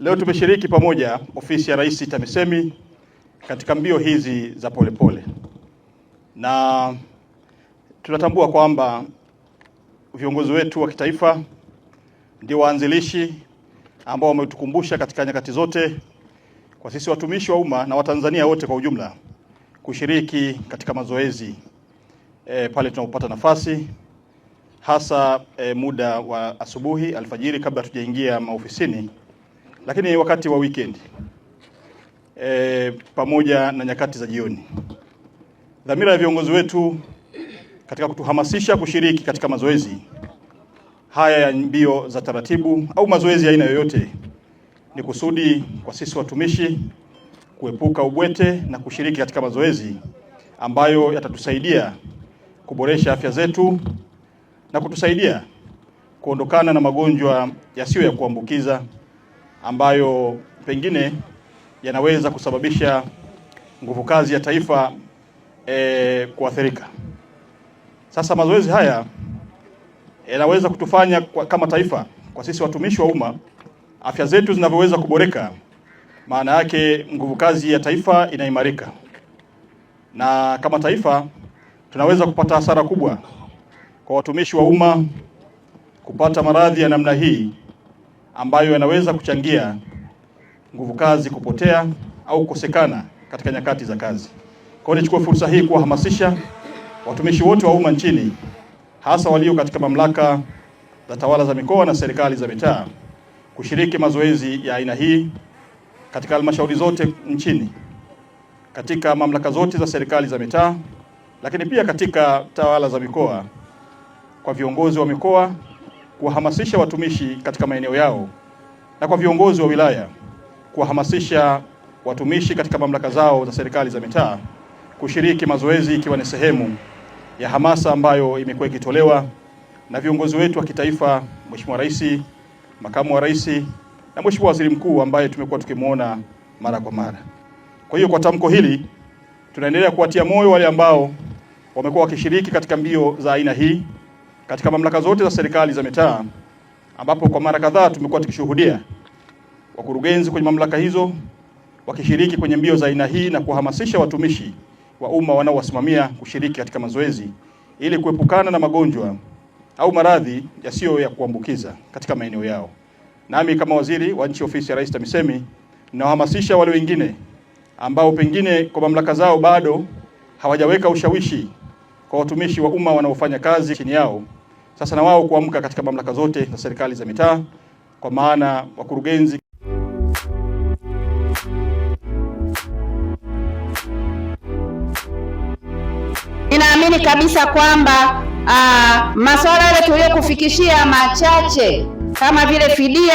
Leo tumeshiriki pamoja ofisi ya Rais TAMISEMI katika mbio hizi za polepole pole. Na tunatambua kwamba viongozi wetu wa kitaifa ndio waanzilishi ambao wametukumbusha katika nyakati zote kwa sisi watumishi wa umma na Watanzania wote kwa ujumla kushiriki katika mazoezi e, pale tunapopata nafasi hasa e, muda wa asubuhi alfajiri kabla tujaingia maofisini lakini wakati wa weekend e, pamoja na nyakati za jioni, dhamira ya viongozi wetu katika kutuhamasisha kushiriki katika mazoezi haya ya mbio za taratibu au mazoezi ya aina yoyote ni kusudi kwa sisi watumishi kuepuka ubwete na kushiriki katika mazoezi ambayo yatatusaidia kuboresha afya zetu na kutusaidia kuondokana na magonjwa yasiyo ya kuambukiza ambayo pengine yanaweza kusababisha nguvu kazi ya taifa e, kuathirika. Sasa mazoezi haya yanaweza kutufanya kwa, kama taifa kwa sisi watumishi wa umma afya zetu zinavyoweza kuboreka, maana yake nguvu kazi ya taifa inaimarika, na kama taifa tunaweza kupata hasara kubwa kwa watumishi wa umma kupata maradhi ya namna hii ambayo yanaweza kuchangia nguvu kazi kupotea au kukosekana katika nyakati za kazi. Kwa hiyo nichukue fursa hii kuwahamasisha watumishi wote wa umma nchini, hasa walio katika mamlaka za tawala za mikoa na serikali za mitaa kushiriki mazoezi ya aina hii katika halmashauri zote nchini, katika mamlaka zote za serikali za mitaa, lakini pia katika tawala za mikoa kwa viongozi wa mikoa kuwahamasisha watumishi katika maeneo yao na kwa viongozi wa wilaya kuwahamasisha watumishi katika mamlaka zao za serikali za mitaa kushiriki mazoezi ikiwa ni sehemu ya hamasa ambayo imekuwa ikitolewa na viongozi wetu wa kitaifa, Mheshimiwa Rais, Makamu wa Rais na Mheshimiwa Waziri Mkuu ambaye tumekuwa tukimwona mara kwa mara. Kwa hiyo kwa tamko hili tunaendelea kuwatia moyo wale ambao wamekuwa wakishiriki katika mbio za aina hii katika mamlaka zote za serikali za mitaa, ambapo kwa mara kadhaa tumekuwa tukishuhudia wakurugenzi kwenye mamlaka hizo wakishiriki kwenye mbio za aina hii na kuhamasisha watumishi wa umma wanaowasimamia kushiriki katika mazoezi ili kuepukana na magonjwa au maradhi yasiyo ya kuambukiza katika maeneo yao. Nami kama waziri wa nchi ofisi ya Rais TAMISEMI ninawahamasisha wale wengine ambao pengine kwa mamlaka zao bado hawajaweka ushawishi kwa watumishi wa umma wanaofanya kazi chini yao sasa na wao kuamka katika mamlaka zote za serikali za mitaa, kwa maana wakurugenzi Ninaamini kabisa kwamba uh, masuala yale tuliyokufikishia machache kama vile fidia